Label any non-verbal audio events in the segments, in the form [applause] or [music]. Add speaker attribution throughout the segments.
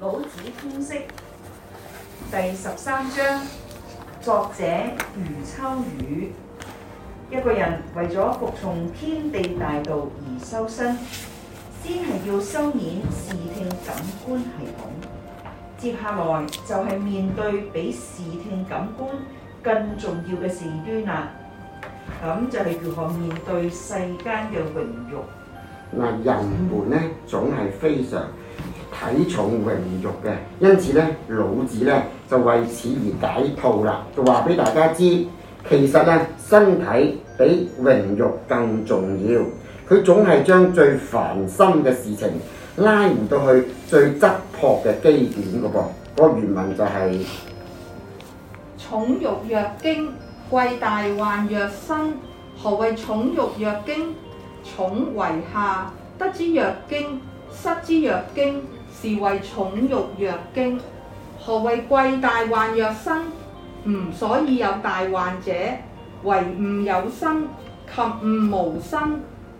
Speaker 1: 老子通釋第十三章，作者余秋雨。一個人為咗服從天地大道而修身，先係要收斂視聽感官系統。接下來就係面對比視聽感官更重要嘅事端啦。咁就係如何面對世間嘅榮辱。
Speaker 2: 嗱，人們呢、嗯、總係非常。體重榮辱嘅，因此咧，老子咧就為此而解套啦，就話俾大家知，其實咧身體比榮辱更重要。佢總係將最煩心嘅事情拉唔到去最質樸嘅基點個噃。個原文就係、是、
Speaker 3: 寵辱若驚，貴大患若身。何謂寵辱若驚？寵為下，得之若驚，失之若驚。是謂寵辱若驚，何謂貴大患若身？吾所以有大患者，為吾有身，及吾無身，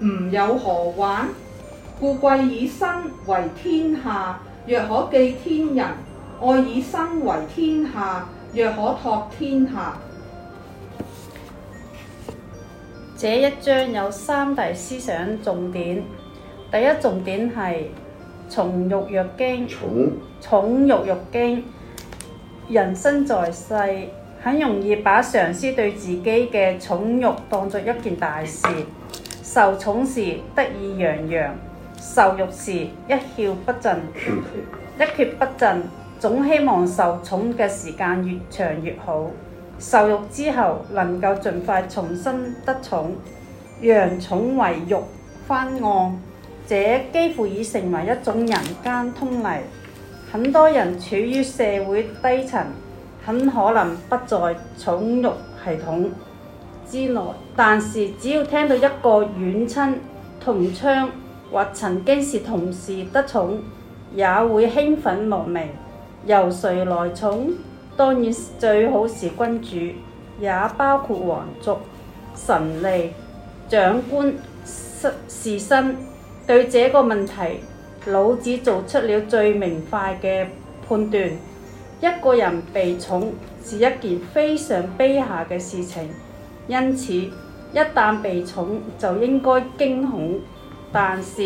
Speaker 3: 吾有何患？故貴以生為天下，若可寄天人；愛以生為天下，若可託天下。這一章有三大思想重點，第一重點係。寵辱若驚，寵，寵辱若驚。人生在世，很容易把上司對自己嘅寵辱當作一件大事。受寵時得意洋洋，受辱時一蹶不振。一蹶不振，總希望受寵嘅時間越長越好。受辱之後，能夠盡快重新得寵，讓寵為辱翻案。這幾乎已成為一種人間通例，很多人處於社會低層，很可能不在寵辱系統之內，但是只要聽到一個遠親、同窗或曾經是同事得寵，也會興奮莫名。由誰來寵？當然最好是君主，也包括皇族、神吏、長官、室侍身。對這個問題，老子做出了最明快嘅判斷。一個人被寵是一件非常卑下嘅事情，因此一旦被寵就應該驚恐。但是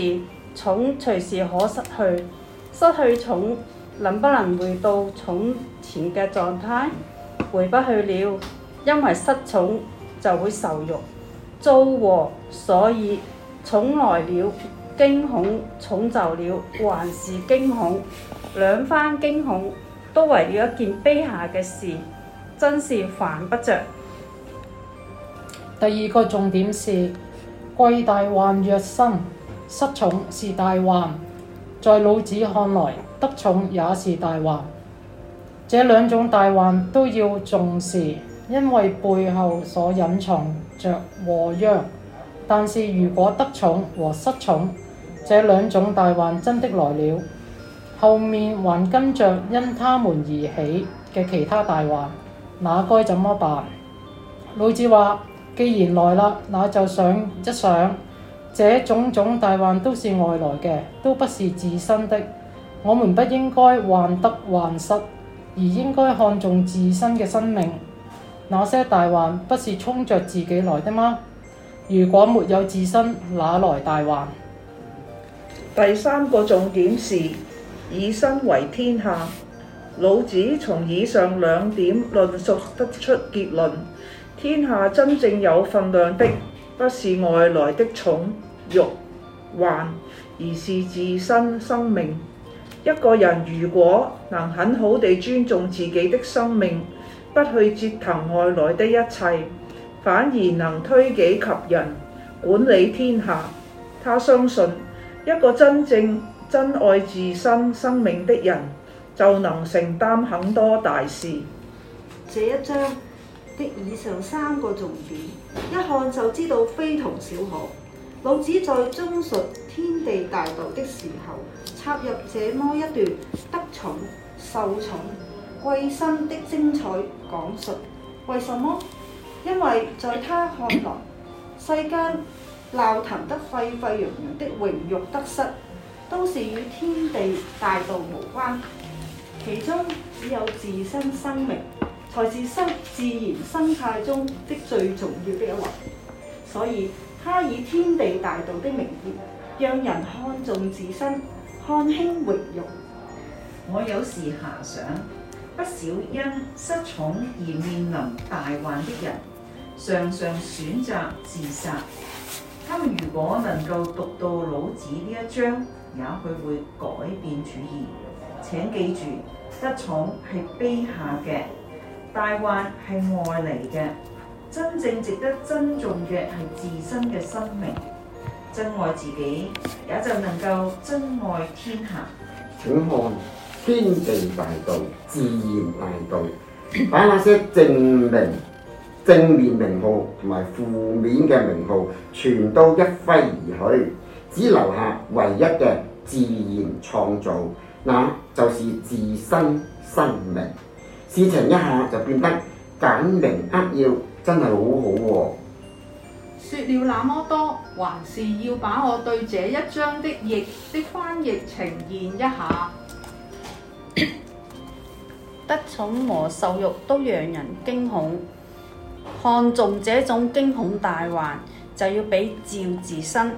Speaker 3: 寵隨時可失去，失去寵能不能回到寵前嘅狀態，回不去了，因為失寵就會受辱遭禍，所以寵來了。驚恐重就了，還是驚恐，兩番驚恐都為了一件卑下嘅事，真
Speaker 4: 是犯不着。第二個重點是，貴大患若身，失寵是大患，在老子看來，得寵也是大患，這兩種大患都要重視，因為背後所隱藏着禍殃。但是如果得寵和失寵，這兩種大患真的來了，後面還跟着因他們而起嘅其他大患，那該怎麼辦？老子話，既然來啦，那就想一想，這種種大患都是外來嘅，都不是自身的。我們不應該患得患失，而應該看重自身嘅生命。那些大患不是衝着自己來的嗎？如果沒有自身，哪來大患？第三個重點是
Speaker 1: 以身為天下。老子從以上兩點論述得出結論，天下真正有份量的，不是外來的寵辱患，而是自身生命。一個人如果能很好地尊重自己的生命，不去折騰外來的一切，反而能推己及人，管理天下。他相信。一個真正珍愛自身生命的人，就能承擔很多大事。這一
Speaker 5: 章的以上三個重點，一看就知道非同小可。老子在忠述天地大道的時候，插入這麼一段得寵受寵貴身的精彩講述，為什麼？因為在他看來，世間，鬧騰得沸沸揚揚的榮辱得失，都是與天地大道無關。其中只有自身生命才是生自然生態中的最重要的一環，所以他以天地大道的名義，讓人看重自身，看輕榮辱。我有時遐想，不少因失寵而
Speaker 1: 面臨大患的人，常常選擇自殺。咁如果能夠讀到老子呢一章，也許會改變主意。請記住，得寵係卑下嘅，大患係外嚟嘅。真正值得珍重嘅係自身嘅生命，珍愛自己，也就能夠珍愛天下。
Speaker 2: 請看天地大道，自然大道，把那些證明。正面名號同埋負面嘅名號，全都一揮而去，只留下唯一嘅自然創造，那就是自身生命。事情一下就變得簡明扼要，真係好好、啊、喎。
Speaker 4: 説了那麼多，
Speaker 3: 還是要把我對這一章的譯的翻譯呈現一下。 [coughs] 得寵和受辱都讓人驚恐。看重這種驚恐大患，就要比照自身。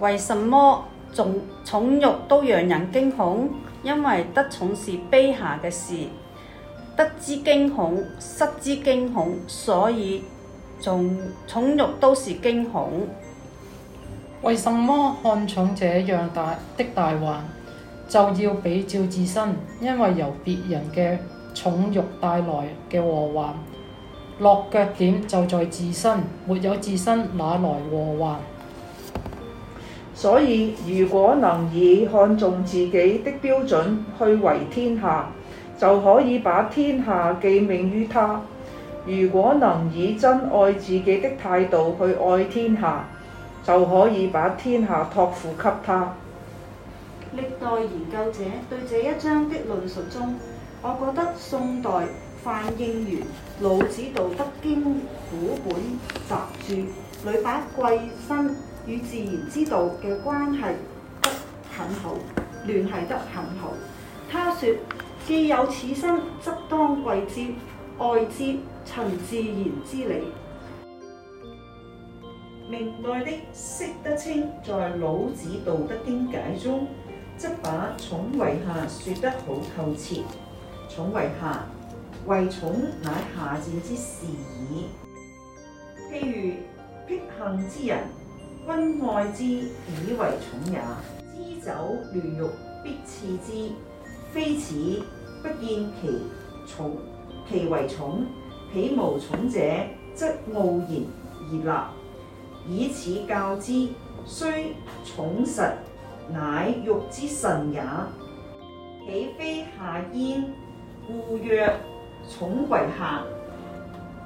Speaker 3: 為什麼重寵辱都讓人驚恐？因為得寵是卑下嘅事，得之驚恐，失之驚恐，所以重寵辱都是驚恐。
Speaker 4: 為什麼看重這樣大的大患，就要比照自身？因為由別人嘅寵辱帶來嘅禍患。落腳點就在自身，沒有自身，哪來和諧？所以，如果能以看重自己的標
Speaker 1: 準去為天下，就可以把天下寄命於他；如果能以真愛自己的態度去愛天下，就可以把天下託付給他。
Speaker 5: 歷代研究者對這一章的論述中，我覺得宋代。范應元《老子道德經》古本集注裏把貴身與自然之道嘅關係得很好聯繫得很好。他說：既有此身，則當貴之愛之，循自然之理。明代的
Speaker 1: 釋德清在《老子道德經解》中，則把寵為下説得好透徹。寵為下。為寵乃下賤之事矣。譬如僻行之人，君愛之以為寵也。知酒亂欲，必賜之。非此，不見其寵。其為寵，豈無寵者？則傲然而立，以此教之，雖寵實乃欲之神也。豈非下焉？故曰。寵為下，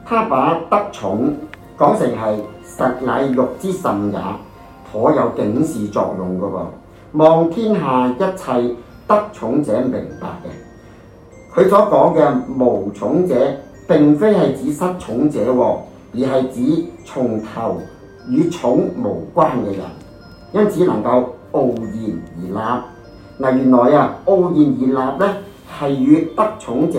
Speaker 2: 他把得寵講成係實禮辱之甚也，頗有警示作用嘅、哦。望天下一切得寵者明白嘅，佢所講嘅無寵者，並非係指失寵者、哦，而係指從頭與寵無關嘅人，因此能夠傲然而立。嗱、啊，原來啊，傲然而立咧係與得寵者。